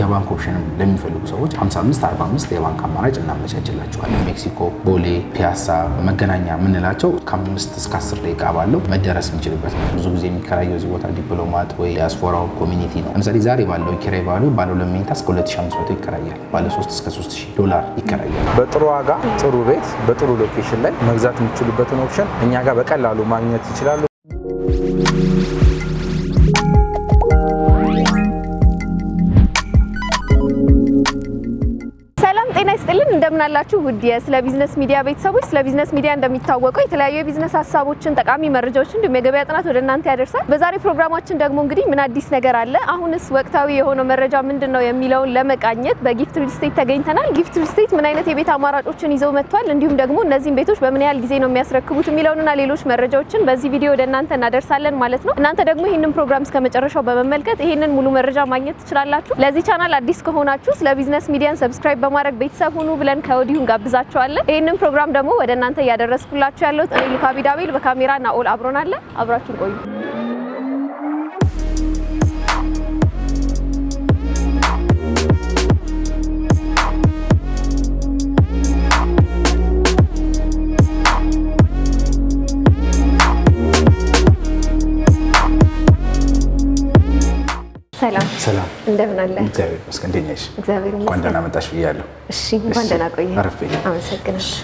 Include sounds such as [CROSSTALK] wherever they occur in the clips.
የባንክ ኦፕሽን ለሚፈልጉ ሰዎች 55 45 የባንክ አማራጭ እናመቻችላቸዋለን። ሜክሲኮ፣ ቦሌ፣ ፒያሳ፣ መገናኛ የምንላቸው ከ5 እስከ አስር ደቂቃ ባለው መደረስ እንችልበት ነው። ብዙ ጊዜ የሚከራየው እዚህ ቦታ ዲፕሎማት ወይ ዲያስፖራው ኮሚኒቲ ነው። ለምሳሌ ዛሬ ባለው ኪራይ ባሉ ባለ ሁለት መኝታ እስከ 2500 ይከራያል። ባለ 3 እስከ 3000 ዶላር ይከራያል። በጥሩ ዋጋ ጥሩ ቤት በጥሩ ሎኬሽን ላይ መግዛት የሚችሉበትን ኦፕሽን እኛ ጋር በቀላሉ ማግኘት ይችላሉ። እንደምናላችሁ ውድ ስለ ቢዝነስ ሚዲያ ቤተሰቦች፣ ስለ ቢዝነስ ሚዲያ እንደሚታወቀው የተለያዩ የቢዝነስ ሀሳቦችን፣ ጠቃሚ መረጃዎችን እንዲሁም የገበያ ጥናት ወደ እናንተ ያደርሳል። በዛሬ ፕሮግራማችን ደግሞ እንግዲህ ምን አዲስ ነገር አለ፣ አሁንስ ወቅታዊ የሆነው መረጃ ምንድን ነው የሚለውን ለመቃኘት በጊፍት ሪል ስቴት ተገኝተናል። ጊፍት ሪል ስቴት ምን አይነት የቤት አማራጮችን ይዘው መጥቷል፣ እንዲሁም ደግሞ እነዚህን ቤቶች በምን ያህል ጊዜ ነው የሚያስረክቡት የሚለውንና ሌሎች መረጃዎችን በዚህ ቪዲዮ ወደ እናንተ እናደርሳለን ማለት ነው። እናንተ ደግሞ ይህንን ፕሮግራም እስከ መጨረሻው በመመልከት ይህንን ሙሉ መረጃ ማግኘት ትችላላችሁ። ለዚህ ቻናል አዲስ ከሆናችሁ ስለ ቢዝነስ ሚዲያን ሰብስክራይብ በማድረግ ቤተሰብ ሁኑ ብለን ከወዲሁ እንጋብዛቸዋለን። ይህንን ፕሮግራም ደግሞ ወደ እናንተ እያደረስኩላችሁ ያለሁት እኔ ሉካ ቢዳቤል፣ በካሜራ ናኦል አብሮናለ። አብራችሁን ቆዩ። ሰላም ሰላም፣ እንደምን አለ? እግዚአብሔር ይመስገን። እንዴት ነሽ? እግዚአብሔር ይመስገን። እንኳን ደህና መጣሽ ብያለሁ። እሺ፣ እንኳን ደህና ቆየህ። አመሰግናለሁ።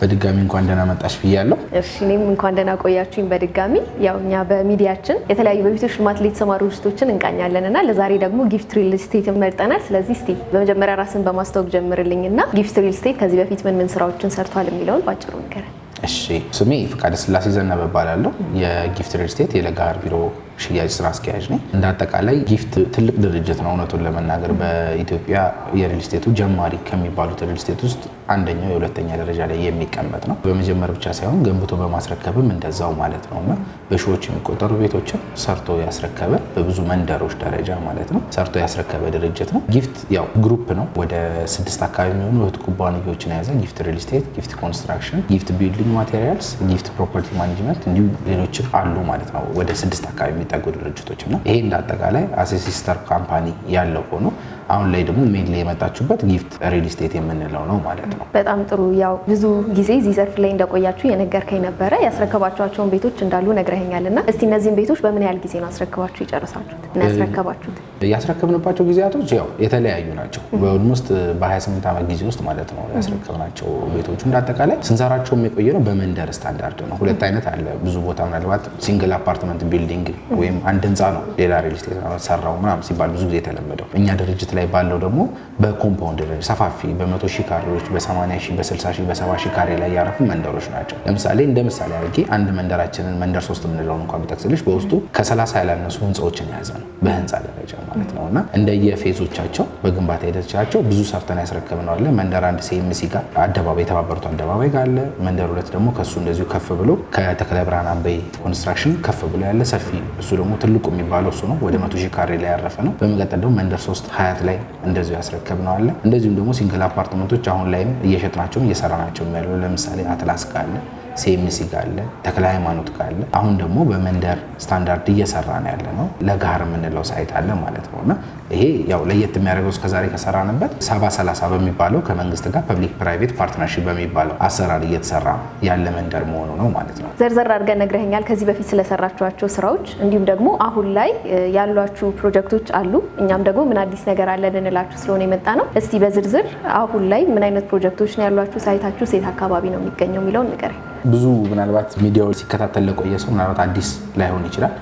በድጋሚ እንኳን ደህና መጣሽ ብያለሁ። እሺ፣ እኔም እንኳን ደህና ቆያችሁኝ። በድጋሚ ያው እኛ በሚዲያችን የተለያዩ በቤቶች ሽልማት ላይ የተሰማሩ ድርጅቶችን እንቃኛለን እና ለዛሬ ደግሞ ጊፍት ሪል ስቴት መርጠናል። ስለዚህ እስቲ በመጀመሪያ ራስን በማስታወቅ ጀምርልኝ እና ጊፍት ሪል ስቴት ከዚህ በፊት ምን ምን ስራዎችን ሰርቷል የሚለውን ባጭሩ ንገረን። እሺ፣ ስሜ ፍቃደ ስላሴ ዘነበ እባላለሁ። የጊፍት ሪል ስቴት የለጋሃር ቢሮ ሽያጭ ስራ አስኪያጅ ነኝ። እንደ አጠቃላይ ጊፍት ትልቅ ድርጅት ነው። እውነቱን ለመናገር በኢትዮጵያ የሪል ስቴቱ ጀማሪ ከሚባሉት ሪል ስቴት ውስጥ አንደኛው የሁለተኛ ደረጃ ላይ የሚቀመጥ ነው። በመጀመር ብቻ ሳይሆን ገንብቶ በማስረከብም እንደዛው ማለት ነው እና በሺዎች የሚቆጠሩ ቤቶችን ሰርቶ ያስረከበ በብዙ መንደሮች ደረጃ ማለት ነው ሰርቶ ያስረከበ ድርጅት ነው። ጊፍት ያው ግሩፕ ነው። ወደ ስድስት አካባቢ የሚሆኑ እህት ኩባንያዎችን የያዘ ጊፍት ሪል ስቴት፣ ጊፍት ኮንስትራክሽን፣ ጊፍት ቢልዲንግ ማቴሪያልስ፣ ጊፍት ፕሮፐርቲ ማኔጅመንት እንዲሁም ሌሎችም አሉ ማለት ነው ወደ ስድስት አካባቢ የሚጠጉ ድርጅቶች ነው። ይሄ እንዳጠቃላይ አጠቃላይ አሴ ሲስተር ካምፓኒ ያለው ሆኖ አሁን ላይ ደግሞ ሜድ ላይ የመጣችሁበት ጊፍት ሪል ስቴት የምንለው ነው ማለት ነው። በጣም ጥሩ። ያው ብዙ ጊዜ እዚህ ዘርፍ ላይ እንደቆያችሁ የነገርከኝ ነበረ። ያስረከባችኋቸውን ቤቶች እንዳሉ ነግረኸኛል እና እስቲ እነዚህን ቤቶች በምን ያህል ጊዜ ነው አስረከባችሁ የጨረሳችሁት እና ያስረከባችሁት? ያስረከብንባቸው ጊዜያቶች ያው የተለያዩ ናቸው። በኦልሞስት በ28 ዓመት ጊዜ ውስጥ ማለት ነው ያስረከብናቸው ቤቶቹ እንዳጠቃላይ ስንሰራቸው የቆየ ነው። በመንደር ስታንዳርድ ነው። ሁለት አይነት አለ። ብዙ ቦታ ምናልባት ሲንግል አፓርትመንት ቢልዲንግ ወይም አንድ ህንፃ ነው ሌላ ሪል ስቴት ሰራው ምናምን ሲባል ብዙ ጊዜ የተለመደው እኛ ድርጅት ላይ ባለው ደግሞ በኮምፓውንድ ደረጃ ሰፋፊ በመቶ ሺህ ካሬዎች፣ በሰማንያ ሺህ፣ በስልሳ ሺህ፣ በሰባ ሺህ ካሬ ላይ ያረፉ መንደሮች ናቸው። ለምሳሌ እንደ ምሳሌ አድርጌ አንድ መንደራችንን መንደር ሶስት የምንለውን እንኳ ቢጠቅስልሽ በውስጡ ከ30 ያላነሱ ህንፃዎችን የያዘ ነው በህንፃ ደረጃ ማለት ነው። እና እንደየፌዞቻቸው በግንባታ ሂደቻቸው ብዙ ሰርተን ያስረከብነዋለ። መንደር አንድ ሴምሲ ጋር አደባባይ የተባበሩት አደባባይ ጋር አለ። መንደር ሁለት ደግሞ ከሱ እንደዚሁ ከፍ ብሎ ከተክለ ብርሃን አንበይ ኮንስትራክሽን ከፍ ብሎ ያለ ሰፊ እሱ ደግሞ ትልቁ የሚባለው እሱ ነው። ወደ መቶ ሺህ ካሬ ላይ ያረፈ ነው። በመቀጠል ደግሞ መንደር ሶስት ሀያት ሳይት ላይ እንደዚሁ ያስረከብነው አለ። እንደዚሁም ደግሞ ሲንግል አፓርትመንቶች አሁን ላይም እየሸጥናቸውም እየሰራናቸው ያለው ለምሳሌ አትላስ ካለ ሴሚሲ ካለ ተክለ ሃይማኖት ካለ አሁን ደግሞ በመንደር ስታንዳርድ እየሰራ ነው ያለ ነው። ለጋር የምንለው ሳይት አለ ማለት ነው እና ይሄ ያው ለየት የሚያደርገው እስከዛሬ ከሰራንበት ሰባ ሰላሳ በሚባለው ከመንግስት ጋር ፐብሊክ ፕራይቬት ፓርትነርሺፕ በሚባለው አሰራር እየተሰራ ያለ መንደር መሆኑ ነው ማለት ነው። ዘርዘር አድርገን ነግረኸኛል፣ ከዚህ በፊት ስለሰራችኋቸው ስራዎች እንዲሁም ደግሞ አሁን ላይ ያሏችሁ ፕሮጀክቶች አሉ። እኛም ደግሞ ምን አዲስ ነገር አለ ልንላችሁ ስለሆነ የመጣ ነው። እስቲ በዝርዝር አሁን ላይ ምን አይነት ፕሮጀክቶች ነው ያሏችሁ? ሳይታችሁ ሴት አካባቢ ነው የሚገኘው የሚለውን ንገረኝ። ብዙ ምናልባት ሚዲያው ሲከታተል ለቆየ ሰው ምናልባት አዲስ ላይሆን ይችላል።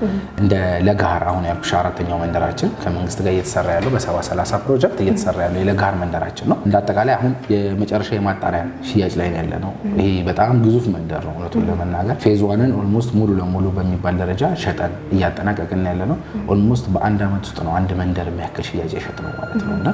እንደ ለጋር አሁን ያልኩሽ አራተኛው መንደራችን ከመንግስት ጋር እየተሰራ ያለው በሰባ ሰላሳ ፕሮጀክት እየተሰራ ያለው የለጋር መንደራችን ነው። እንደ አጠቃላይ አሁን የመጨረሻ የማጣሪያ ሽያጭ ላይ ያለ ነው። ይሄ በጣም ግዙፍ መንደር ነው። እውነቱን ለመናገር ፌዝ ዋንን ኦልሞስት ሙሉ ለሙሉ በሚባል ደረጃ ሸጠን እያጠናቀቅን ያለ ነው። ኦልሞስት በአንድ አመት ውስጥ ነው አንድ መንደር የሚያክል ሽያጭ የሸጥ ነው ማለት ነው እና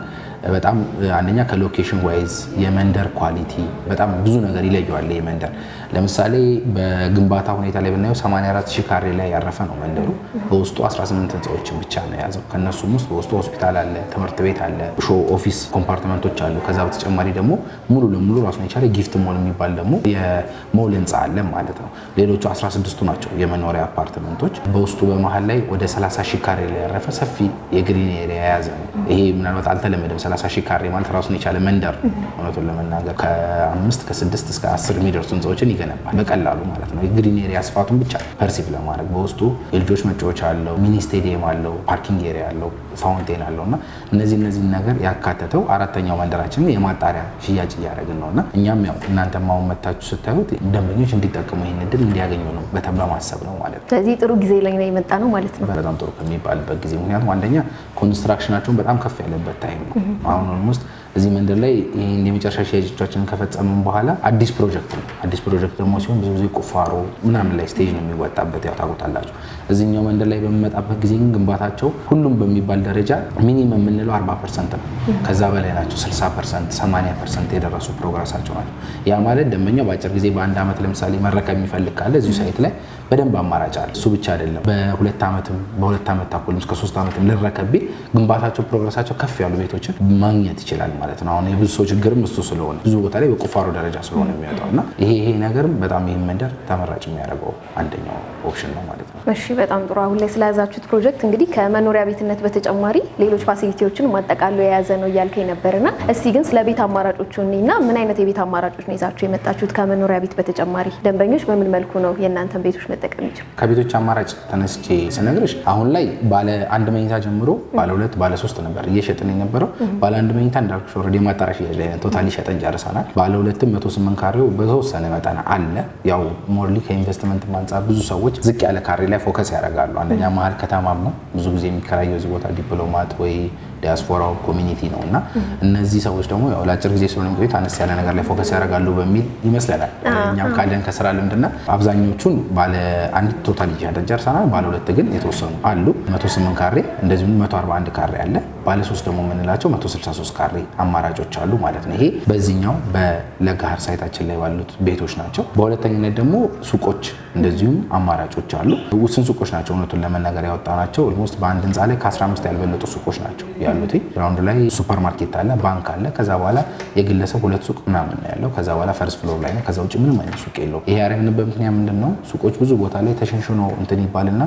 በጣም አንደኛ ከሎኬሽን ዋይዝ የመንደር ኳሊቲ በጣም ብዙ ነገር ይለየዋል። የመንደር ለምሳሌ በግንባታ ሁኔታ ላይ ብናየው 84 ሺህ ካሬ ላይ ያረፈ ነው መንደሩ። በውስጡ 18 ህንፃዎችን ብቻ ነው የያዘው። ከእነሱም ውስጥ በውስጡ ሆስፒታል አለ፣ ትምህርት ቤት አለ፣ ሾ ኦፊስ ኮምፓርትመንቶች አሉ። ከዛ በተጨማሪ ደግሞ ሙሉ ለሙሉ ራሱን የቻለ ጊፍት ሞል የሚባል ደግሞ የሞል ህንፃ አለ ማለት ነው። ሌሎቹ 16ቱ ናቸው የመኖሪያ አፓርትመንቶች። በውስጡ በመሀል ላይ ወደ 30 ሺህ ካሬ ላይ ያረፈ ሰፊ የግሪን ኤሪያ የያዘ ነው። ይሄ ምናልባት አልተለመደም 30 ሺህ ካሬ ማለት ራሱን የቻለ መንደር እውነቱን ለመናገር ከአምስት ከስድስት እስከ አስር የሚደርሱ ህንፃዎችን ይገነባል በቀላሉ ማለት ነው። የግሪን ኤሪያ ስፋቱን ብቻ ፐርሲቭ ለማድረግ በውስጡ የልጆች መጫወቻ አለው፣ ሚኒ ስቴዲየም አለው፣ ፓርኪንግ ኤሪያ አለው፣ ፋውንቴን አለው እና እነዚህ እነዚህን ነገር ያካተተው አራተኛው መንደራችንን የማጣሪያ ሽያጭ እያደረግን ነው እና እኛም ያው እናንተ መታችሁ ስታዩት ደንበኞች እንዲጠቀሙ ይህን እድል እንዲያገኙ ነው በማሰብ ነው ማለት ነው። ስለዚህ ጥሩ ጊዜ ላይ ነው የመጣ ነው ማለት ነው። በጣም ጥሩ ከሚባልበት ጊዜ ምክንያቱም አንደኛ ኮንስትራክሽናቸውን በጣም ከፍ ያለበት ታይም ነው። አሁን ኦልሞስት እዚህ መንደር ላይ ይህን የመጨረሻ ሽያጮቻችንን ከፈጸምን በኋላ አዲስ ፕሮጀክት ነው። አዲስ ፕሮጀክት ደግሞ ሲሆን ብዙ ጊዜ ቁፋሮ ምናምን ላይ ስቴጅ ነው የሚወጣበት፣ ያው ታውቁታላችሁ። እዚኛው መንደር ላይ በሚመጣበት ጊዜ ግን ግንባታቸው ሁሉም በሚባል ደረጃ ሚኒመም የምንለው 40 ፐርሰንት ነው። ከዛ በላይ ናቸው። 60 ፐርሰንት፣ 80 ፐርሰንት የደረሱ ፕሮግረሳቸው ናቸው። ያ ማለት ደንበኛው በአጭር ጊዜ በአንድ ዓመት ለምሳሌ መረከብ የሚፈልግ ካለ እዚሁ ሳይት ላይ በደንብ አማራጭ አለ። እሱ ብቻ አይደለም። በሁለት ዓመትም በሁለት ዓመት ተኩልም እስከ ሶስት ዓመትም ልረከብ ግንባታቸው ፕሮግረሳቸው ከፍ ያሉ ቤቶችን ማግኘት ይችላል። ማለት ነው። አሁን የብዙ ሰው ችግርም እሱ ስለሆነ ብዙ ቦታ ላይ በቁፋሮ ደረጃ ስለሆነ የሚወጣው እና ይሄ ይሄ ነገርም በጣም ይህን መንደር ተመራጭ የሚያደርገው አንደኛው ኦፕሽን ነው ማለት ነው። እሺ፣ በጣም ጥሩ። አሁን ላይ ስለያዛችሁት ፕሮጀክት እንግዲህ ከመኖሪያ ቤትነት በተጨማሪ ሌሎች ፋሲሊቲዎችን ማጠቃሎ የያዘ ነው እያልከኝ ነበርና እስቲ ግን ስለ ቤት አማራጮቹ እና ምን አይነት የቤት አማራጮች ነው ይዛችሁ የመጣችሁት? ከመኖሪያ ቤት በተጨማሪ ደንበኞች በምን መልኩ ነው የእናንተን ቤቶች መጠቀም ይችሉ? ከቤቶች አማራጭ ተነስቼ ስነግርሽ አሁን ላይ ባለ አንድ መኝታ ጀምሮ ባለ ሁለት ባለ ሶስት ነበር እየሸጥን የነበረው። ባለ አንድ መኝታ እንዳልኩ አልነገርኩሽ። ኦልሬዲ ማጣሪያ ሽያጭ ላይ ቶታሊ ሸጠን ጨርሰናል። ባለ ሁለትም መቶ ስምንት ካሬው በተወሰነ መጠን አለ። ያው ሞርሊ ከኢንቨስትመንት አንጻር ብዙ ሰዎች ዝቅ ያለ ካሬ ላይ ፎከስ ያደርጋሉ። አንደኛ መሀል ከተማም ነው ብዙ ጊዜ የሚከራየው እዚህ ቦታ ዲፕሎማት ወይ ዲያስፖራው ኮሚኒቲ ነው እና እነዚህ ሰዎች ደግሞ ያው ለአጭር ጊዜ ስለሆነ ቆይት አነስ ያለ ነገር ላይ ፎከስ ያደርጋሉ በሚል ይመስለናል። እኛም ካለን ከስራ ልምድና አብዛኞቹን ባለ አንድ ቶታል ጨርሰናል። ባለ ሁለት ግን የተወሰኑ አሉ። 108 ካሬ እንደዚሁም 141 ካሬ አለ ባለሶስት ደግሞ የምንላቸው 163 ካሬ አማራጮች አሉ ማለት ነው። ይሄ በዚህኛው በለጋር ሳይታችን ላይ ባሉት ቤቶች ናቸው። በሁለተኝነት ደግሞ ሱቆች እንደዚሁም አማራጮች አሉ። ውስን ሱቆች ናቸው እውነቱን ለመናገር ያወጣ ናቸው። ኦልሞስት በአንድ ህንፃ ላይ ከ15 ያልበለጡ ሱቆች ናቸው ያሉት። ግራውንድ ላይ ሱፐር ማርኬት አለ፣ ባንክ አለ። ከዛ በኋላ የግለሰብ ሁለት ሱቅ ምናምን ያለው። ከዛ በኋላ ፈርስ ፍሎር ላይ ነው። ከዛ ውጭ ምንም አይነት ሱቅ የለው። ይሄ ያረግንበት ምክንያት ምንድን ነው? ሱቆች ብዙ ቦታ ላይ ተሸንሽኖ እንትን ይባልና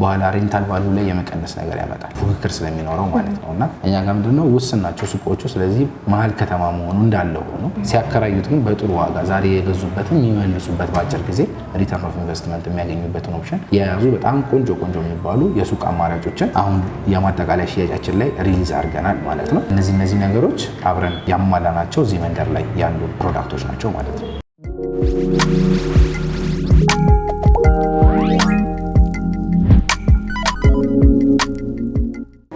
በኋላ ሬንታል ባሉ ላይ የመቀነስ ነገር ያመጣል፣ ፉክክር ስለሚኖረው ማለት ነው እና ናት። እኛ ጋር ምንድነው ውስን ናቸው ሱቆቹ። ስለዚህ መሀል ከተማ መሆኑ እንዳለ ሆኖ ሲያከራዩት ግን በጥሩ ዋጋ ዛሬ የገዙበትን የሚመልሱበት በአጭር ጊዜ ሪተርን ኦፍ ኢንቨስትመንት የሚያገኙበትን ኦፕሽን የያዙ በጣም ቆንጆ ቆንጆ የሚባሉ የሱቅ አማራጮችን አሁን የማጠቃለያ ሽያጫችን ላይ ሪሊዝ አድርገናል ማለት ነው። እነዚህ እነዚህ ነገሮች አብረን ያሟላ ናቸው እዚህ መንደር ላይ ያሉ ፕሮዳክቶች ናቸው ማለት ነው።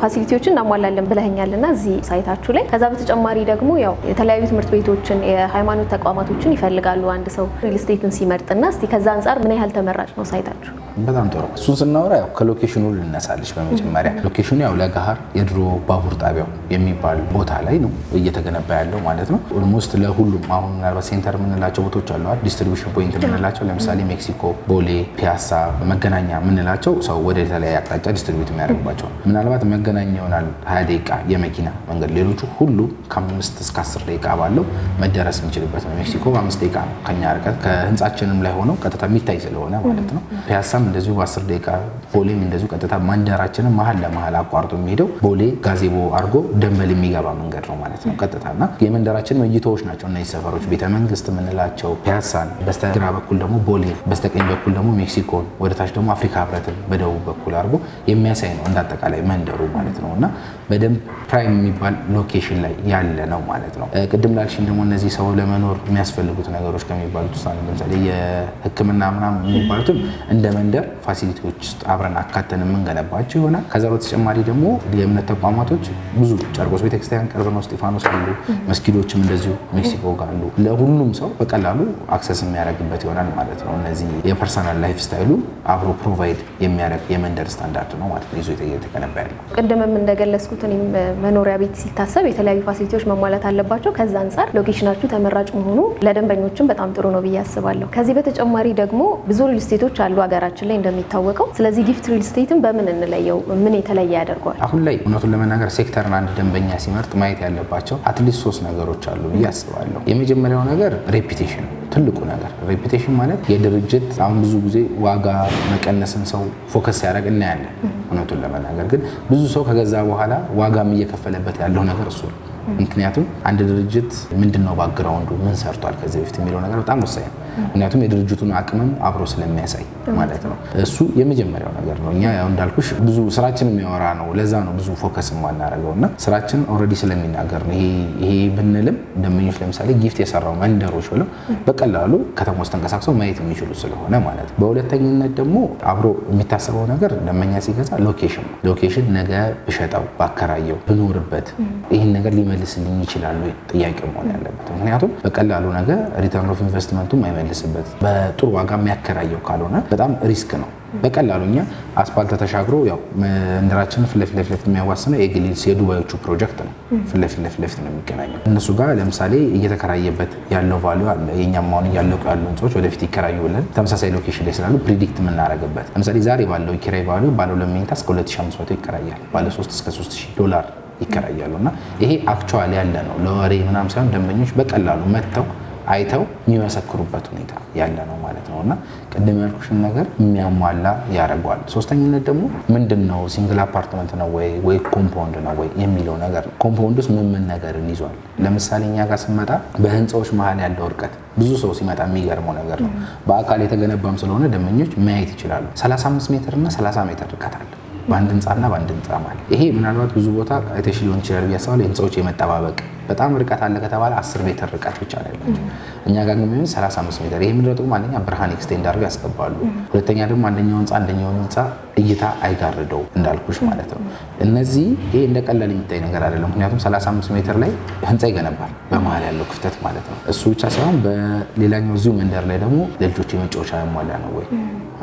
ፋሲሊቲዎችን እናሟላለን ብለኛል እና እዚህ ሳይታችሁ ላይ ከዛ በተጨማሪ ደግሞ ያው የተለያዩ ትምህርት ቤቶችን የሃይማኖት ተቋማቶችን ይፈልጋሉ አንድ ሰው ሪል ስቴትን ሲመርጥና እስቲ ከዛ አንጻር ምን ያህል ተመራጭ ነው ሳይታችሁ? በጣም ጥሩ። እሱን ስናወራ ያው ከሎኬሽኑ ልነሳለች። በመጀመሪያ ሎኬሽኑ ያው ለገሃር የድሮ ባቡር ጣቢያው የሚባል ቦታ ላይ ነው እየተገነባ ያለው ማለት ነው። ኦልሞስት ለሁሉም አሁን ምናልባት ሴንተር የምንላቸው ቦታዎች አለዋል፣ ዲስትሪቢሽን ፖይንት የምንላቸው ለምሳሌ ሜክሲኮ፣ ቦሌ፣ ፒያሳ፣ መገናኛ የምንላቸው ሰው ወደ የተለያየ አቅጣጫ ዲስትሪቢዩት የሚያደርግባቸው ምናልባት መገናኛ ይሆናል ሀያ ደቂቃ የመኪና መንገድ፣ ሌሎቹ ሁሉ ከአምስት እስከ አስር ደቂቃ ባለው መደረስ የሚችልበት ነው። ሜክሲኮ በአምስት ደቂቃ ነው ከኛ ርቀት ከህንጻችንም ላይ ሆነው ቀጥታ የሚታይ ስለሆነ ማለት ነው ፒያሳም እንደዚሁ በ10 ደቂቃ ቦሌም እንደዚሁ ቀጥታ መንደራችንን መሀል ለመሀል አቋርጦ የሚሄደው ቦሌ ጋዜቦ አድርጎ ደንበል የሚገባ መንገድ ነው ማለት ነው ቀጥታ እና የመንደራችን እይታዎች ናቸው እነዚህ ሰፈሮች ቤተ መንግስት የምንላቸው ፒያሳን፣ በስተግራ በኩል ደግሞ ቦሌ፣ በስተቀኝ በኩል ደግሞ ሜክሲኮን፣ ወደታች ደግሞ አፍሪካ ህብረትን በደቡብ በኩል አድርጎ የሚያሳይ ነው እንዳጠቃላይ መንደሩ ማለት ነው እና በደንብ ፕራይም የሚባል ሎኬሽን ላይ ያለ ነው ማለት ነው። ቅድም ላልሽን ደግሞ እነዚህ ሰው ለመኖር የሚያስፈልጉት ነገሮች ከሚባሉት ውስጥ ለምሳሌ የሕክምና ምናምን የሚባሉትም እንደ መንደር ፋሲሊቲዎች ውስጥ አብረን አካተን የምንገነባቸው ይሆናል። ከዛ በተጨማሪ ደግሞ የእምነት ተቋማቶች ብዙ ጨርቆስ ቤተክርስቲያን ቅርብ ነው፣ እስጢፋኖስ አሉ፣ መስጊዶችም እንደዚሁ ሜክሲኮ ጋር አሉ። ለሁሉም ሰው በቀላሉ አክሰስ የሚያደርግበት ይሆናል ማለት ነው። እነዚህ የፐርሰናል ላይፍ ስታይሉ አብሮ ፕሮቫይድ የሚያደርግ የመንደር ስታንዳርድ ነው ማለት ነው ይዞ የተገነባ ያለው ቅድምም እንደገለጽኩት እንትን መኖሪያ ቤት ሲታሰብ የተለያዩ ፋሲሊቲዎች መሟላት አለባቸው። ከዛ አንጻር ሎኬሽናችሁ ተመራጭ መሆኑ ለደንበኞችም በጣም ጥሩ ነው ብዬ አስባለሁ። ከዚህ በተጨማሪ ደግሞ ብዙ ሪል ስቴቶች አሉ ሀገራችን ላይ እንደሚታወቀው። ስለዚህ ጊፍት ሪል ስቴትን በምን እንለየው? ምን የተለየ ያደርገዋል? አሁን ላይ እውነቱን ለመናገር ሴክተርን አንድ ደንበኛ ሲመርጥ ማየት ያለባቸው አትሊስት ሶስት ነገሮች አሉ ብዬ አስባለሁ። የመጀመሪያው ነገር ሬፒቴሽን ትልቁ ነገር ሬፒቴሽን ማለት የድርጅት አሁን ብዙ ጊዜ ዋጋ መቀነስን ሰው ፎከስ ያደረግ እናያለን። እውነቱን ለመናገር ግን ብዙ ሰው ከገዛ በኋላ ዋጋም እየከፈለበት ያለው ነገር እሱ ነው። ምክንያቱም አንድ ድርጅት ምንድን ነው ባግራውንዱ፣ ምን ሰርቷል ከዚህ በፊት የሚለው ነገር በጣም ወሳኝ ነው። ምክንያቱም የድርጅቱን አቅምም አብሮ ስለሚያሳይ ማለት ነው። እሱ የመጀመሪያው ነገር ነው። እኛ ያው እንዳልኩሽ ብዙ ስራችን የሚያወራ ነው። ለዛ ነው ብዙ ፎከስ የማናደርገው እና ስራችን ኦልሬዲ ስለሚናገር ነው። ይሄ ብንልም ደንበኞች ለምሳሌ ጊፍት የሰራው መንደሮች ብለው በቀላሉ ከተማ ውስጥ ተንቀሳቅሰው ማየት የሚችሉ ስለሆነ ማለት ነው። በሁለተኝነት ደግሞ አብሮ የሚታሰበው ነገር ደንበኛ ሲገዛ ሎኬሽን ሎኬሽን ነገ ብሸጠው ባከራየው ብኖርበት ይህን ነገር ሊመልስልኝ ይችላሉ ጥያቄ መሆን ያለበት ምክንያቱም በቀላሉ ነገ ሪተርን ኦፍ ኢንቨስትመንቱም ማይመን የሚመልስበት በጥሩ ዋጋ የሚያከራየው ካልሆነ በጣም ሪስክ ነው። በቀላሉ እኛ አስፓልት ተሻግሮ ያው መንደራችንን ፊት ለፊት የሚያዋስነው የግሊልስ የዱባዮቹ ፕሮጀክት ነው። ፊት ለፊት ነው የሚገናኘው። እነሱ ጋር ለምሳሌ እየተከራየበት ያለው ቫሉ አለ። የእኛም አሁን እያለቁ ያሉ ህንፃዎች ወደፊት ይከራዩ ብለን ተመሳሳይ ሎኬሽን ላይ ስላሉ ፕሪዲክት የምናደርግበት ለምሳሌ ዛሬ ባለው ኪራይ ቫሉ ባለ ሁለት መኝታ እስከ 2500 ይከራያል። ባለ 3 እስከ 3000 ዶላር ይከራያሉ እና ይሄ አክቹዋሊ ያለ ነው። ለወሬ ምናምን ሳይሆን ደንበኞች በቀላሉ መጥተው አይተው የሚመሰክሩበት ሁኔታ ያለ ነው ማለት ነው እና ቅድም ያልኩሽን ነገር የሚያሟላ ያደርገዋል። ሶስተኝነት ደግሞ ምንድን ነው ሲንግል አፓርትመንት ነው ወይ ወይ ኮምፓውንድ ነው ወይ የሚለው ነገር ኮምፓውንድ ውስጥ ምን ምን ነገርን ይዟል። ለምሳሌ እኛ ጋር ስንመጣ በህንፃዎች መሀል ያለው እርቀት ብዙ ሰው ሲመጣ የሚገርመው ነገር ነው። በአካል የተገነባም ስለሆነ ደመኞች ማየት ይችላሉ። 35 ሜትር እና 30 ሜትር እርቀት አለ። በአንድ ህንፃና በአንድ ህንፃ ማለት ይሄ ምናልባት ብዙ ቦታ አይተሽ ሊሆን ይችላል ብዬ አስባለሁ። የህንፃዎች የመጠባበቅ በጣም ርቀት አለ ከተባለ 10 ሜትር ርቀት ብቻ ነው ያላቸው። እኛ ጋር ግን ቢሆን 35 ሜትር። ይሄ ምንድን ጥቅሙ? አንደኛ ብርሃን ኤክስቴንድ አድርገው ያስገባሉ። ሁለተኛ ደግሞ አንደኛው ህንፃ አንደኛውን ህንፃ እይታ አይጋርደው እንዳልኩሽ ማለት ነው። እነዚህ ይሄ እንደ ቀላል የሚታይ ነገር አይደለም። ምክንያቱም 35 ሜትር ላይ ህንፃ ይገነባል፣ በመሀል ያለው ክፍተት ማለት ነው። እሱ ብቻ ሳይሆን በሌላኛው እዚሁ መንደር ላይ ደግሞ ለልጆች የመጫወቻ ያሟላ ነው ወይ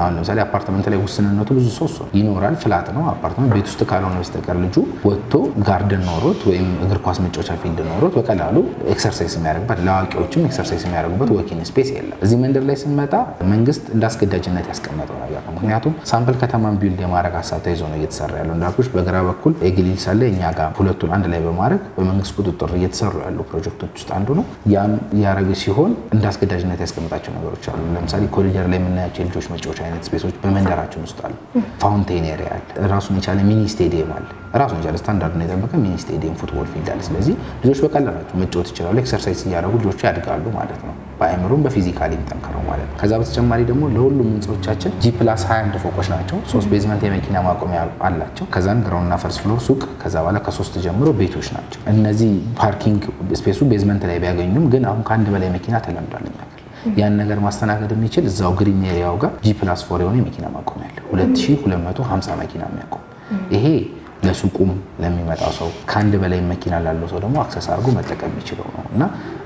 አሁን ለምሳሌ አፓርትመንት ላይ ውስንነቱ ብዙ ሰው ይኖራል። ፍላት ነው አፓርትመንት። ቤት ውስጥ ካልሆነ በስተቀር ልጁ ወጥቶ ጋርደን ኖሮት ወይም እግር ኳስ መጫወቻ ፊልድ ኖሮት በቀላሉ ኤክሰርሳይዝ የሚያደርግበት ለአዋቂዎችም ኤክሰርሳይዝ የሚያደርጉበት ወኪንግ ስፔስ የለም። እዚህ መንደር ላይ ስንመጣ መንግስት እንደ አስገዳጅነት ያስቀመጠው ጋር ምክንያቱም ሳምፕል ከተማን ቢልድ የማድረግ ሀሳብ ተይዞ ነው እየተሰራ ያለው። እንዳልኩሽ በግራ በኩል ኤግሊል ሳለ እኛ ጋር ሁለቱን አንድ ላይ በማድረግ በመንግስት ቁጥጥር እየተሰሩ ያሉ ፕሮጀክቶች ውስጥ አንዱ ነው። ያም ያደረገ ሲሆን እንደ አስገዳጅነት ያስቀምጣቸው ነገሮች አሉ። ለምሳሌ ኮሪደር ላይ የምናያቸው የልጆች መጫወቻ አይነት ስፔሶች በመንደራችን ውስጥ አሉ። ፋውንቴን ኤሪያ አለ። ራሱን የቻለ ሚኒ ስቴዲየም አለ። ራሱን የቻለ ስታንዳርዱን የጠበቀ ሚኒ ስቴዲየም ፉትቦል ፊልድ አለ። ስለዚህ ልጆች በቀላላቸው መጫወት ይችላሉ። ኤክሰርሳይዝ እያደረጉ ልጆቹ ያድጋሉ ማለት ነው። በአእምሮም በፊዚካሊ ጠንክረው ማለት ነው። ከዛ በተጨማሪ ደግሞ ለሁሉም ህንፃዎቻችን ጂ ፕላስ 21 ፎቆች ናቸው። ሶስት ቤዝመንት የመኪና ማቆሚያ አላቸው። ከዛን ግራውንድና ፈርስት ፍሎር ሱቅ፣ ከዛ በኋላ ከሶስት ጀምሮ ቤቶች ናቸው። እነዚህ ፓርኪንግ ስፔሱ ቤዝመንት ላይ ቢያገኙም ግን አሁን ከአንድ በላይ መኪና ተለምዷል። ያን ነገር ማስተናገድ የሚችል እዛው ግሪን ኤሪያው ጋር ጂ ፕላስ ፎር የሆነ የመኪና ማቆሚያ አለ። 2250 መኪና የሚያቆም ይሄ ለሱቁም ለሚመጣው ሰው ከአንድ በላይ መኪና ላለው ሰው ደግሞ አክሰስ አድርጎ መጠቀም የሚችለው ነው እና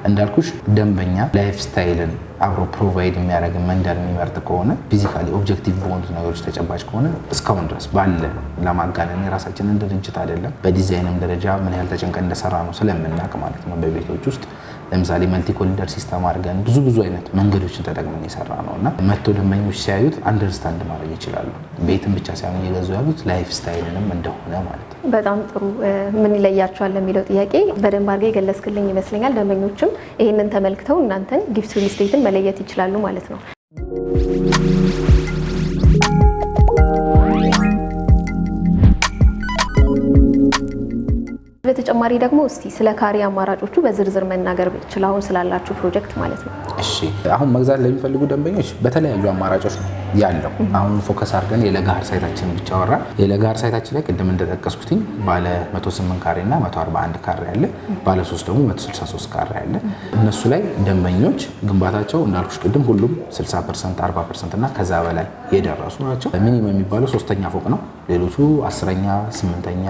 እንዳልኩሽ ደንበኛ ላይፍ ስታይልን አብሮ ፕሮቫይድ የሚያደርግ መንደር የሚመርጥ ከሆነ ፊዚካሊ ኦብጀክቲቭ በሆኑት ነገሮች ተጨባጭ ከሆነ እስካሁን ድረስ ባለ ለማጋነን የራሳችንን ድርጅት አይደለም በዲዛይንም ደረጃ ምን ያህል ተጨንቀን እንደሰራ ነው ስለምናውቅ ማለት ነው በቤቶች ውስጥ ለምሳሌ መልቲ ኮሊደር ሲስተም አድርገን ብዙ ብዙ አይነት መንገዶችን ተጠቅመን የሰራ ነው እና መቶ ደንበኞች ሲያዩት አንደርስታንድ ማድረግ ይችላሉ። ቤትን ብቻ ሳይሆን እየገዙ ያሉት ላይፍ ስታይልንም እንደሆነ ማለት ነው። በጣም ጥሩ። ምን ይለያቸዋል ለሚለው ጥያቄ በደንብ አድርገህ የገለጽክልኝ ይመስለኛል። ደንበኞችም ይህንን ተመልክተው እናንተን ጊፍት ሪል ስቴትን መለየት ይችላሉ ማለት ነው። በተጨማሪ ደግሞ እስቲ ስለ ካሬ አማራጮቹ በዝርዝር መናገር ብችል አሁን ስላላችሁ ፕሮጀክት ማለት ነው። እሺ አሁን መግዛት ለሚፈልጉ ደንበኞች በተለያዩ አማራጮች ነው ያለው። አሁን ፎከስ አድርገን የለጋር ሳይታችን ብቻ ወራ የለገሃር ሳይታችን ላይ ቅድም እንደጠቀስኩትኝ ባለ 108 ካሬ እና 141 ካሬ አለ። ባለ 3 ደግሞ 163 ካሬ አለ። እነሱ ላይ ደንበኞች ግንባታቸው እንዳልኩሽ ቅድም ሁሉም 60 40 እና ከዛ በላይ የደረሱ ናቸው። ሚኒመም የሚባለው ሶስተኛ ፎቅ ነው። ሌሎቹ አስረኛ ስምንተኛ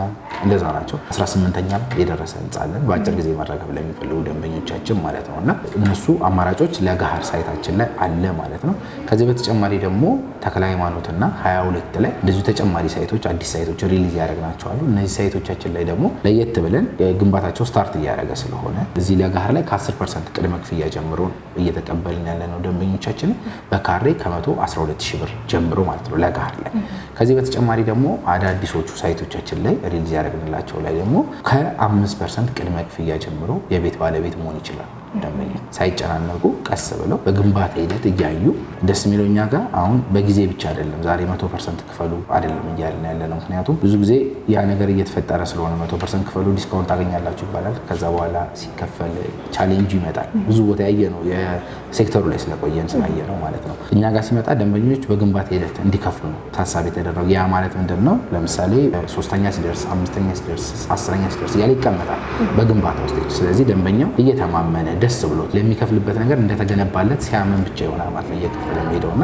እንደዛ ናቸው። አስራ ስምንተኛ የደረሰ ህንፃ አለን በአጭር ጊዜ ማረከብ ለሚፈልጉ ደንበኞቻችን ማለት ነው እና እነሱ አማራጮች ለገሃር ሳይታችን ላይ አለ ማለት ነው። ከዚህ በተጨማሪ ደግሞ ተክለ ሃይማኖትና ሀያ ሁለት ላይ እንደዚሁ ተጨማሪ ሳይቶች አዲስ ሳይቶች ሪሊዝ ያደረግናቸው አሉ። እነዚህ ሳይቶቻችን ላይ ደግሞ ለየት ብለን ግንባታቸው ስታርት እያደረገ ስለሆነ እዚህ ለገሃር ላይ ከ10 ፐርሰንት ቅድመ ክፍያ ጀምሮ እየተቀበልን ያለ ነው ደንበኞቻችን በካሬ ከመቶ 12 ሺህ ብር ጀምሮ ማለት ነው ለገሃር ላይ ከዚህ በተጨማሪ ደግሞ አዳዲሶቹ ሳይቶቻችን ላይ ሪሊዝ ያደረግንላቸው ላይ ደግሞ ከአምስት ፐርሰንት ቅድመ ክፍያ ጀምሮ የቤት ባለቤት መሆን ይችላል። እንደምል ሳይጨናነቁ ቀስ ብለው በግንባታ ሂደት እያዩ ደስ የሚለው እኛ ጋር አሁን በጊዜ ብቻ አይደለም ዛሬ መቶ ፐርሰንት ክፈሉ አይደለም እያልን ያለ ነው። ምክንያቱም ብዙ ጊዜ ያ ነገር እየተፈጠረ ስለሆነ መቶ ፐርሰንት ክፈሉ ዲስካውንት ታገኛላችሁ ይባላል። ከዛ በኋላ ሲከፈል ቻሌንጁ ይመጣል። ብዙ ቦታ ያየ ነው የሴክተሩ ላይ ስለቆየን ስላየ ነው ማለት ነው። እኛ ጋር ሲመጣ ደንበኞች በግንባታ ሂደት እንዲከፍሉ ነው ታሳቢ የተደረገ። ያ ማለት ምንድን ነው? ለምሳሌ ሶስተኛ ሲደርስ፣ አምስተኛ ሲደርስ፣ አስረኛ ሲደርስ እያለ ይቀመጣል በግንባታ ውስጥ። ስለዚህ ደንበኛው እየተማመነ ደስ ብሎት ለሚከፍልበት ነገር እንደተገነባለት ሲያምን ብቻ ይሆናል ማለት ነው እየከፈለ የሚሄደው እና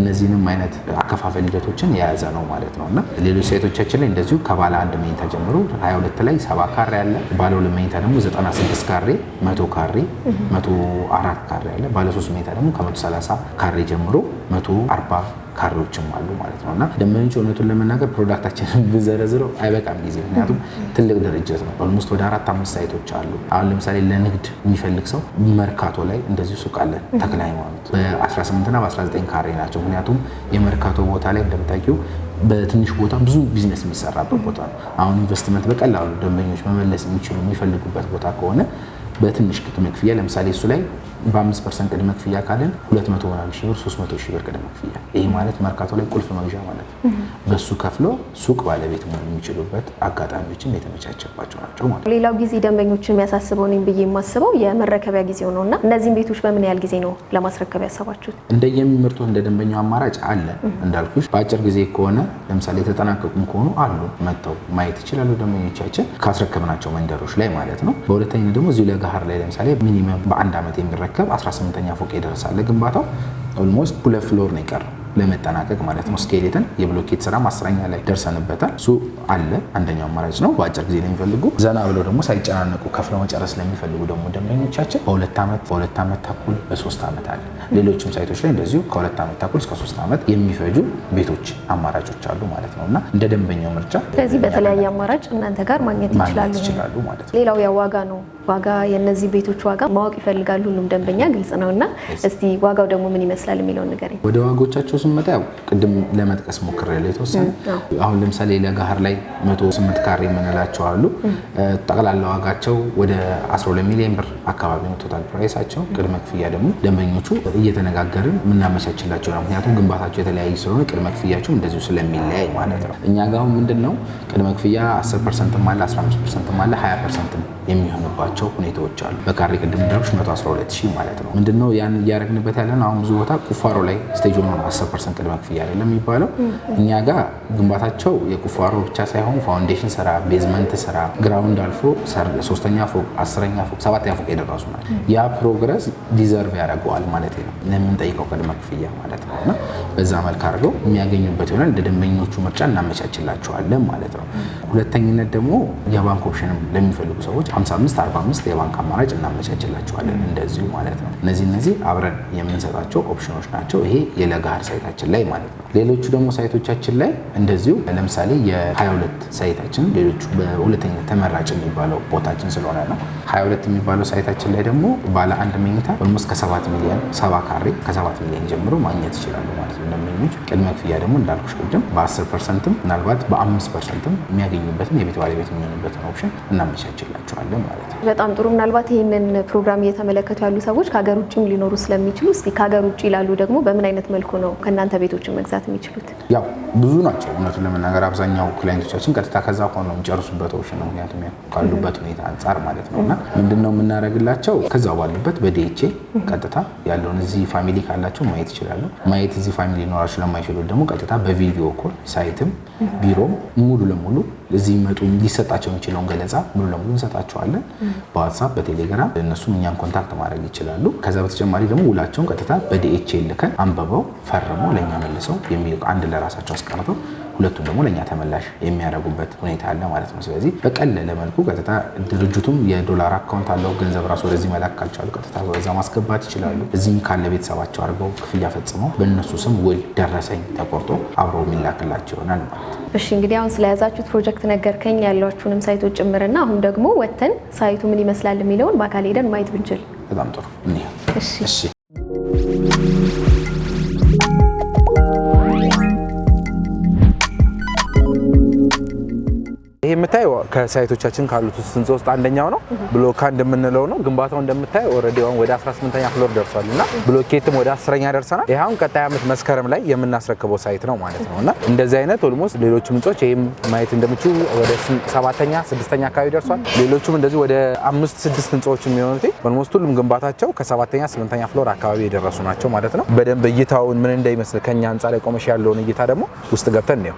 እነዚህንም አይነት አከፋፈል ሂደቶችን የያዘ ነው ማለት ነው እና ሌሎች ሳይቶቻችን ላይ እንደዚሁ ከባለ አንድ መኝታ ጀምሮ 22 ላይ ሰባ ካሬ አለ። ባለ ሁለት መኝታ ደግሞ 96 ካሬ፣ 100 ካሬ፣ መቶ ካሬ አለ። ባለ ሶስት መኝታ ደግሞ ከመቶ 30 ካሬ ጀምሮ መቶ ካሬዎችም አሉ ማለት ነው። እና ደንበኞች እውነቱን ለመናገር ፕሮዳክታችንን [LAUGHS] ብዘረዝረው አይበቃም ጊዜ፣ ምክንያቱም ትልቅ ድርጅት ነው። ኦልሞስት ወደ አራት አምስት ሳይቶች አሉ። አሁን ለምሳሌ ለንግድ የሚፈልግ ሰው መርካቶ ላይ እንደዚሁ ሱቅ አለን። ተክለ ሃይማኖት በ 18 እና በ19 ካሬ ናቸው። ምክንያቱም የመርካቶ ቦታ ላይ እንደምታውቂው በትንሽ ቦታ ብዙ ቢዝነስ የሚሰራበት ቦታ ነው። አሁን ኢንቨስትመንት በቀላሉ ደንበኞች መመለስ የሚችሉ የሚፈልጉበት ቦታ ከሆነ በትንሽ ቅድመ ክፍያ ለምሳሌ እሱ ላይ በአምስት ፐርሰንት ቅድመ ክፍያ ካለን ሁለት ምናምን ሺህ ብር ሶስት ሺህ ብር ቅድመ ክፍያ። ይህ ማለት መርካቶ ላይ ቁልፍ መግዣ ማለት ነው። በሱ ከፍሎ ሱቅ ባለቤት መሆን የሚችሉበት አጋጣሚዎችም የተመቻቸባቸው ናቸው ማለት ነው። ሌላው ጊዜ ደንበኞችን የሚያሳስበው እኔም ብዬ የማስበው የመረከቢያ ጊዜው ነው እና እነዚህም ቤቶች በምን ያህል ጊዜ ነው ለማስረከብ ያሰባችሁት? እንደየሚመርጡት እንደ ደንበኛው አማራጭ አለ። እንዳልኩሽ በአጭር ጊዜ ከሆነ ለምሳሌ የተጠናቀቁም ከሆኑ አሉ መጥተው ማየት ይችላሉ ደንበኞቻችን ካስረከብናቸው መንደሮች ላይ ማለት ነው። በሁለተኛ ደግሞ እዚሁ ለገሀር ላይ ለምሳሌ ሚኒመም በአንድ ዓመት የሚረከብ ሲረከብ 18ኛ ፎቅ ይደርሳል። ለግንባታው ኦልሞስት ሁለት ፍሎር ነው የቀረው ለመጠናቀቅ ማለት ነው። ስኬሌተን የብሎኬት ስራ ማስረኛ ላይ ደርሰንበታል። እሱ አለ አንደኛው አማራጭ ነው። በአጭር ጊዜ ለሚፈልጉ ዘና ብለው ደግሞ ሳይጨናነቁ ከፍለው መጨረስ ለሚፈልጉ ደግሞ ደንበኞቻችን በሁለት ዓመት በሁለት ዓመት ተኩል በሶስት ዓመት አለ። ሌሎችም ሳይቶች ላይ እንደዚሁ ከሁለት ዓመት ተኩል እስከ ሶስት ዓመት የሚፈጁ ቤቶች አማራጮች አሉ ማለት ነው እና እንደ ደንበኛው ምርጫ ስለዚህ በተለያየ አማራጭ እናንተ ጋር ማግኘት ይችላሉ ማለት ነው። ሌላው ያው ዋጋ ነው። ዋጋ የእነዚህ ቤቶች ዋጋ ማወቅ ይፈልጋል ሁሉም ደንበኛ ግልጽ ነው እና እስቲ ዋጋው ደግሞ ምን ይመስላል የሚለውን ነገር ወደ ዋጎቻቸው ስንመጣ ያው ቅድም ለመጥቀስ ሞክሬያለሁ የተወሰነ አሁን ለምሳሌ ለጋህር ላይ 108 ካሬ የምንላቸው አሉ። ጠቅላላ ዋጋቸው ወደ 12 ሚሊዮን ብር አካባቢ ነው ቶታል ፕራይሳቸው። ቅድመ ክፍያ ደግሞ ደንበኞቹ እየተነጋገርን የምናመቻችላቸው ነው። ምክንያቱም ግንባታቸው የተለያዩ ስለሆነ ቅድመ ክፍያቸው እንደዚሁ ስለሚለያይ ማለት ነው። እኛ ጋር አሁን ምንድን ነው ቅድመ ክፍያ 10 ፐርሰንትም አለ 15 ፐርሰንትም አለ 20 ፐርሰንትም የሚሆንባቸው ሁኔታዎች አሉ። በካሬ ቅድም ድረሽ 112 ሺህ ማለት ነው። ምንድነው ያን እያደረግንበት ያለን አሁን ብዙ ቦታ ቁፋሮ ላይ ስቴጅ ሆኖ ፐርሰንት ቅድመ ክፍያ አይደለም የሚባለው። እኛ ጋር ግንባታቸው የቁፋሮ ብቻ ሳይሆን ፋውንዴሽን ስራ፣ ቤዝመንት ስራ፣ ግራውንድ አልፎ ሶስተኛ ፎቅ፣ አስረኛ ፎቅ፣ ሰባተኛ ፎቅ የደረሱ ናቸው። ያ ፕሮግረስ ዲዘርቭ ያደርገዋል ማለት ነው የምንጠይቀው ቅድመ ክፍያ ማለት ነው። እና በዛ መልክ አድርገው የሚያገኙበት ይሆናል። እንደ ደንበኞቹ ምርጫ እናመቻችላቸዋለን ማለት ነው። ሁለተኝነት ደግሞ የባንክ ኦፕሽን ለሚፈልጉ ሰዎች 55 45 የባንክ አማራጭ እናመቻችላቸዋለን እንደዚሁ ማለት ነው። እነዚህ እነዚህ አብረን የምንሰጣቸው ኦፕሽኖች ናቸው። ይሄ የለጋር ሳይት ሳይታችን ላይ ማለት ነው። ሌሎቹ ደግሞ ሳይቶቻችን ላይ እንደዚሁ ለምሳሌ የ22 ሳይታችን ሌሎቹ በሁለተኛ ተመራጭ የሚባለው ቦታችን ስለሆነ ነው። 22 የሚባለው ሳይታችን ላይ ደግሞ ባለ አንድ መኝታ ኦልሞስት ከ7 ሚሊዮን ሰባ ካሬ ከ7 ሚሊዮን ጀምሮ ማግኘት ይችላሉ ማለት ነው ደንበኞች። ቅድመ ክፍያ ደግሞ እንዳልኩሽ ቅድም በ10 ፐርሰንትም ምናልባት በ5 ፐርሰንትም የሚያገኙበትን የቤት ባለቤት የሚሆንበትን ኦፕሽን እናመቻችላቸዋለን ማለት ነው። በጣም ጥሩ። ምናልባት ይህንን ፕሮግራም እየተመለከቱ ያሉ ሰዎች ከሀገር ውጭም ሊኖሩ ስለሚችሉ እስኪ ከሀገር ውጭ ይላሉ ደግሞ በምን አይነት መልኩ ነው ከእናንተ ቤቶችን መግዛት የሚችሉት? ያው ብዙ ናቸው። እውነቱን ለመናገር አብዛኛው ክላይንቶቻችን ቀጥታ ከዛ ከሆነ ነው የሚጨርሱበት ኦፕሽን ነው። ምክንያቱም ካሉበት ሁኔታ አንጻር ማለት ነው እና ምንድነው የምናደርግላቸው ከዛ ባሉበት በዴቼ ቀጥታ ያለውን እዚህ ፋሚሊ ካላቸው ማየት ይችላሉ። ማየት እዚህ ፋሚሊ ኖራቸው ለማይችሉት ደግሞ ቀጥታ በቪዲዮ ኮል ሳይትም ቢሮም ሙሉ ለሙሉ እዚህ ይመጡ ሊሰጣቸው የሚችለውን ገለጻ ሙሉ ለሙሉ እንሰጣቸዋለን። በዋትሳፕ በቴሌግራም እነሱም እኛን ኮንታክት ማድረግ ይችላሉ። ከዛ በተጨማሪ ደግሞ ውላቸውን ቀጥታ በዲኤች ልከን አንብበው ፈርመው ለእኛ መልሰው አንድ ለራሳቸው አስቀርተው ሁለቱም ደግሞ ለእኛ ተመላሽ የሚያደርጉበት ሁኔታ አለ ማለት ነው። ስለዚህ በቀለለ መልኩ ቀጥታ ድርጅቱም የዶላር አካውንት አለው። ገንዘብ ራሱ ወደዚህ መላክ ካልቻሉ ቀጥታ በዛ ማስገባት ይችላሉ። እዚህም ካለ ቤተሰባቸው አድርገው ክፍያ ፈጽመው በእነሱ ስም ውል ደረሰኝ ተቆርጦ አብሮ የሚላክላቸው ይሆናል ማለት ነው። እሺ እንግዲህ አሁን ስለያዛችሁት ፕሮጀክት ነገርከኝ ያሏችሁንም ሳይቶች ጭምርና አሁን ደግሞ ወጥተን ሳይቱ ምን ይመስላል የሚለውን በአካል ሄደን ማየት ብንችል በጣም ጥሩ። እሺ የምታየው ከሳይቶቻችን ካሉት ውስጥ ህንፃ ውስጥ አንደኛው ነው። ብሎካ እንደምንለው ነው። ግንባታው እንደምታየው ኦልሬዲ አሁን ወደ 18ኛ ፍሎር ደርሷል እና ብሎኬትም ወደ 10ኛ ደርሰናል። ይህ አሁን ቀጣይ ዓመት መስከረም ላይ የምናስረክበው ሳይት ነው ማለት ነው እና እንደዚህ አይነት ኦልሞስት ሌሎች ህንፃዎች ይህም ማየት እንደምቹ ወደ ሰባተኛ ስድስተኛ አካባቢ ደርሷል። ሌሎቹም እንደዚህ ወደ አምስት ስድስት ህንፃዎች የሚሆኑት ኦልሞስት ሁሉም ግንባታቸው ከሰባተኛ ስምንተኛ ፍሎር አካባቢ የደረሱ ናቸው ማለት ነው። በደንብ እይታውን ምን እንደይመስል ከኛ ህንፃ ላይ ቆመሽ ያለውን እይታ ደግሞ ውስጥ ገብተን ነው።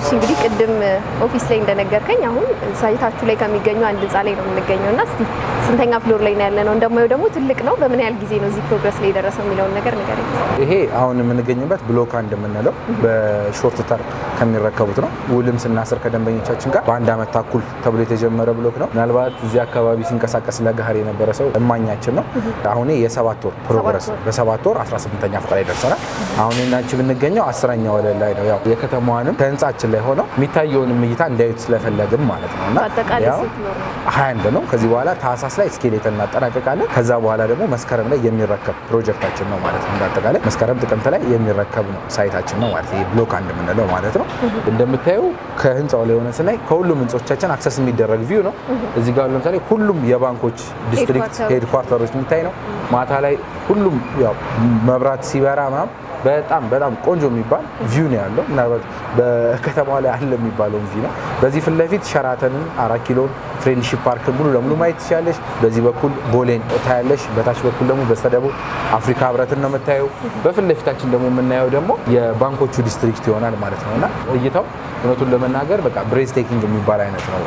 እሺ እንግዲህ ቅድም ኦፊስ ላይ እንደነገርከኝ አሁን ሳይታችሁ ላይ ከሚገኘው አንድ ህንፃ ላይ ነው የምንገኘው እና እስቲ ስንተኛ ፍሎር ላይ ነው ያለነው? እንደማየው ደግሞ ትልቅ ነው። በምን ያህል ጊዜ ነው እዚህ ፕሮግረስ ላይ የደረሰው የሚለውን ነገር ንገረኝ። ይሄ አሁን የምንገኝበት ብሎክ አንድ የምንለው በሾርት ተር ከሚረከቡት ነው። ውልም ስናስር ከደንበኞቻችን ጋር በአንድ አመት ታኩል ተብሎ የተጀመረ ብሎክ ነው። ምናልባት እዚህ አካባቢ ሲንቀሳቀስ ለገሀር የነበረ ሰው እማኛችን ነው። አሁን የሰባት ወር ፕሮግረስ በሰባት ወር 18ኛ ፎቅ ላይ ደርሰናል። አሁን ናችሁ የምንገኘው አስረኛ ወለል ላይ ነው። ያው የከተማዋንም ከህንጻችን ላይ ሆነው የሚታየውንም እይታ እንዳዩት ስለፈለግም ማለት ነው እና ሀያ አንድ ነው። ከዚህ በኋላ ታህሳስ ላይ እስኬሌተን እናጠናቀቃለን። ከዛ በኋላ ደግሞ መስከረም ላይ የሚረከብ ፕሮጀክታችን ነው ማለት ነው። እንዳጠቃላይ መስከረም ጥቅምት ላይ የሚረከብ ነው ሳይታችን ነው ማለት ነው። ብሎክ አንድ የምንለው ማለት ነው። እንደምታዩ ከህንፃው ላይ ሆነ ስናይ ከሁሉም ህንጾቻችን አክሰስ የሚደረግ ቪው ነው። እዚህ ጋር ለምሳሌ ሁሉም የባንኮች ዲስትሪክት ሄድኳርተሮች የሚታይ ነው። ማታ ላይ ሁሉም ያው መብራት ሲበራ ምናምን በጣም በጣም ቆንጆ የሚባል ቪው ነው ያለው። ምናልባት በከተማዋ ላይ አለ የሚባለውን ቪው ነው። በዚህ ፊት ለፊት ሸራተንን፣ አራት ኪሎን፣ ፍሬንድሺፕ ፓርክን ሙሉ ለሙሉ ማየት ትችላለሽ። በዚህ በኩል ቦሌን ታያለሽ። በታች በኩል ደግሞ በስተደቡብ አፍሪካ ህብረትን ነው የምታየው። በፊት ለፊታችን ደግሞ የምናየው ደግሞ የባንኮቹ ዲስትሪክት ይሆናል ማለት ነው እና እይታው እውነቱን ለመናገር በቃ ብሬዝ ቴኪንግ የሚባል አይነት ነው።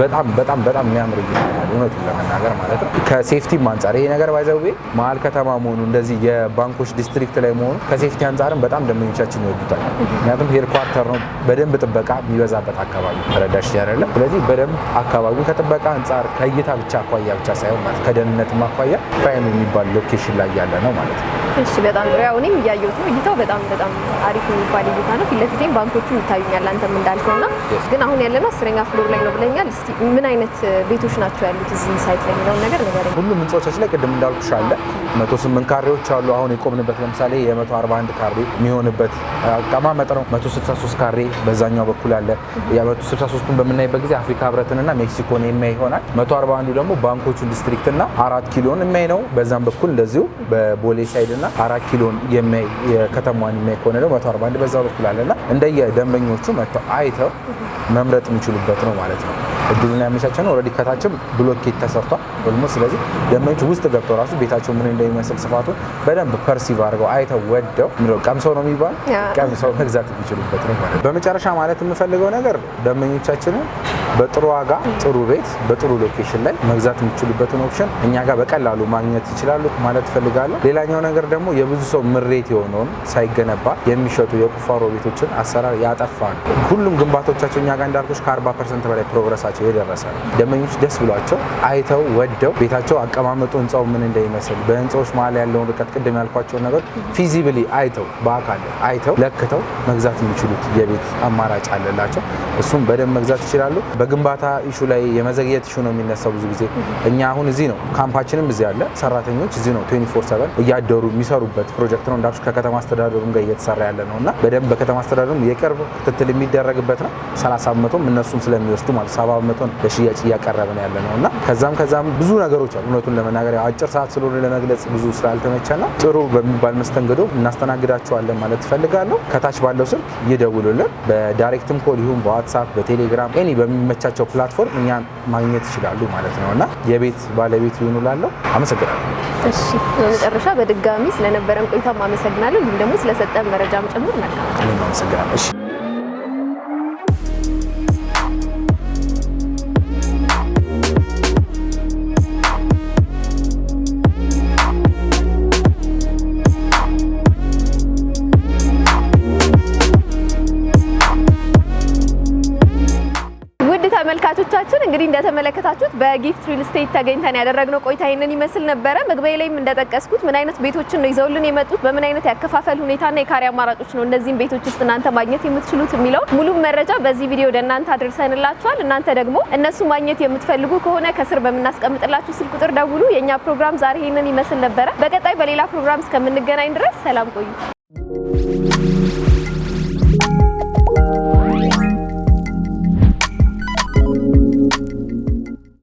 በጣም በጣም በጣም የሚያምር ይሆናል፣ እውነቱን ለመናገር ማለት ነው። ከሴፍቲም አንጻር ይሄ ነገር ባይዘዌ መሀል ከተማ መሆኑ እንደዚህ የባንኮች ዲስትሪክት ላይ መሆኑ ከሴፍቲ አንጻርም በጣም ደንበኞቻችን ይወዱታል። ምክንያቱም ሄድኳርተር ነው፣ በደንብ ጥበቃ የሚበዛበት አካባቢ ተረዳሽ ያደለ። ስለዚህ በደንብ አካባቢው ከጥበቃ አንጻር ከእይታ ብቻ አኳያ ብቻ ሳይሆን ማለት ከደህንነትም አኳያ ፕራይም የሚባል ሎኬሽን ላይ ያለ ነው ማለት ነው። እሺ፣ በጣም ጥሩ። ያው እኔም እያየሁት ነው። እይታው በጣም በጣም አሪፍ የሚባል እይታ ነው። ፊት ለፊቴም ባንኮቹም ይታዩኛል አንተም እንዳልከው እና ግን አሁን ያለነው አስረኛ ፍሎር ላይ ነው ብለኛል። እስቲ ምን አይነት ቤቶች ናቸው ያሉት እዚህ ሳይት ላይ የሚለውን ነገር ንገረኝ። ሁሉም ህንፃዎቻችን ላይ ቅድም እንዳልኩሽ አለ መቶ ስምንት ካሬዎች አሉ። አሁን የቆምንበት ለምሳሌ የመቶ አርባ አንድ ካሬ የሚሆንበት አቀማመጥ ነው። መቶ ስልሳ ሶስት ካሬ በዛኛው በኩል አለ። የመቶ ስልሳ ሶስቱን በምናይበት ጊዜ አፍሪካ ህብረትንና ሜክሲኮን የሚያይ ይሆናል። መቶ አርባ አንዱ ደግሞ ባንኮቹን ዲስትሪክትና አራት ኪሎን የሚያይ ነው። በዛም በኩል እንደዚሁ በቦሌ ሳይድ እና አራት ኪሎን የከተማዋን የሚያይ ከሆነ ደግሞ መቶ በዛ በኩል አለና እንደየ ደንበኞቹ መጥተው አይተው መምረጥ የሚችሉበት ነው ማለት ነው። እድሉን ያመቻቸ ነው። ኦልሬዲ ከታችም ብሎኬት ተሰርቷል ወልሞ። ስለዚህ ደንበኞች ውስጥ ገብተው ራሱ ቤታቸው ምን እንደሚመስል ስፋቱን በደንብ ፐርሲቭ አድርገው አይተው ወደው ቀምሰው ነው የሚባል ቀምሰው መግዛት የሚችሉበት ነው ማለት። በመጨረሻ ማለት የምፈልገው ነገር ደንበኞቻችንን በጥሩ ዋጋ ጥሩ ቤት በጥሩ ሎኬሽን ላይ መግዛት የሚችሉበትን ኦፕሽን እኛ ጋር በቀላሉ ማግኘት ይችላሉ ማለት እፈልጋለሁ። ሌላኛው ነገር ደግሞ የብዙ ሰው ምሬት የሆነውን ሳይገነባ የሚሸጡ የቁፋሮ ቤቶችን አሰራር ያጠፋ ነው። ሁሉም ግንባቶቻቸው እኛ ጋር እንዳልኩሽ ከ40 ፐርሰንት በላይ ፕሮግረሳቸው ቤታቸው የደረሰ ነው። ደንበኞች ደስ ብሏቸው አይተው ወደው ቤታቸው አቀማመጡ፣ ህንፃው ምን እንደሚመስል በህንፃዎች መሀል ያለውን ርቀት፣ ቅድም ያልኳቸውን ነገር ፊዚብሊ አይተው በአካል አይተው ለክተው መግዛት የሚችሉት የቤት አማራጭ አለላቸው። እሱም በደንብ መግዛት ይችላሉ። በግንባታ ኢሹ ላይ የመዘግየት ኢሹ ነው የሚነሳው ብዙ ጊዜ። እኛ አሁን እዚህ ነው ካምፓችንም እዚህ አለ፣ ሰራተኞች እዚህ ነው 24 እያደሩ የሚሰሩበት ፕሮጀክት ነው። እንዳልኩሽ ከከተማ አስተዳደሩም ጋር እየተሰራ ያለ ነው እና በደንብ በከተማ አስተዳደሩም የቅርብ ክትትል የሚደረግበት ነው። 30 መቶም እነሱም ስለሚወስዱ ማለት መቶን ለሽያጭ እያቀረበ ነው ያለ ነው እና ከዛም ከዛም ብዙ ነገሮች አሉ። እውነቱን ለመናገር አጭር ሰዓት ስለሆነ ለመግለጽ ብዙ ስላልተመቸና ጥሩ በሚባል መስተንግዶ እናስተናግዳቸዋለን ማለት ፈልጋለሁ። ከታች ባለው ስልክ ይደውሉልን። በዳይሬክትም ኮል ይሁን በዋትሳፕ በቴሌግራም ኤኒ በሚመቻቸው ፕላትፎርም እኛን ማግኘት ይችላሉ ማለት ነው እና የቤት ባለቤት ይሆኑላለሁ። አመሰግናለሁ። እሺ በመጨረሻ በድጋሚ ስለነበረን ቆይታ አመሰግናለሁ። እንዲሁም ደግሞ ስለሰጠን መረጃም ጭምር መልካም አመሰግናለሁ። እሺ በጊፍት ሪል ስቴት ተገኝተን ያደረግነው ቆይታ ይህንን ይመስል ነበረ። መግቢያ ላይም እንደጠቀስኩት ምን አይነት ቤቶችን ነው ይዘውልን የመጡት፣ በምን አይነት ያከፋፈል ሁኔታና የካሬ አማራጮች ነው እነዚህም ቤቶች ውስጥ እናንተ ማግኘት የምትችሉት የሚለው ሙሉ መረጃ በዚህ ቪዲዮ ወደ እናንተ አድርሰንላችኋል። እናንተ ደግሞ እነሱ ማግኘት የምትፈልጉ ከሆነ ከስር በምናስቀምጥላችሁ ስልክ ቁጥር ደውሉ። የእኛ ፕሮግራም ዛሬ ይህንን ይመስል ነበረ። በቀጣይ በሌላ ፕሮግራም እስከምንገናኝ ድረስ ሰላም ቆዩ።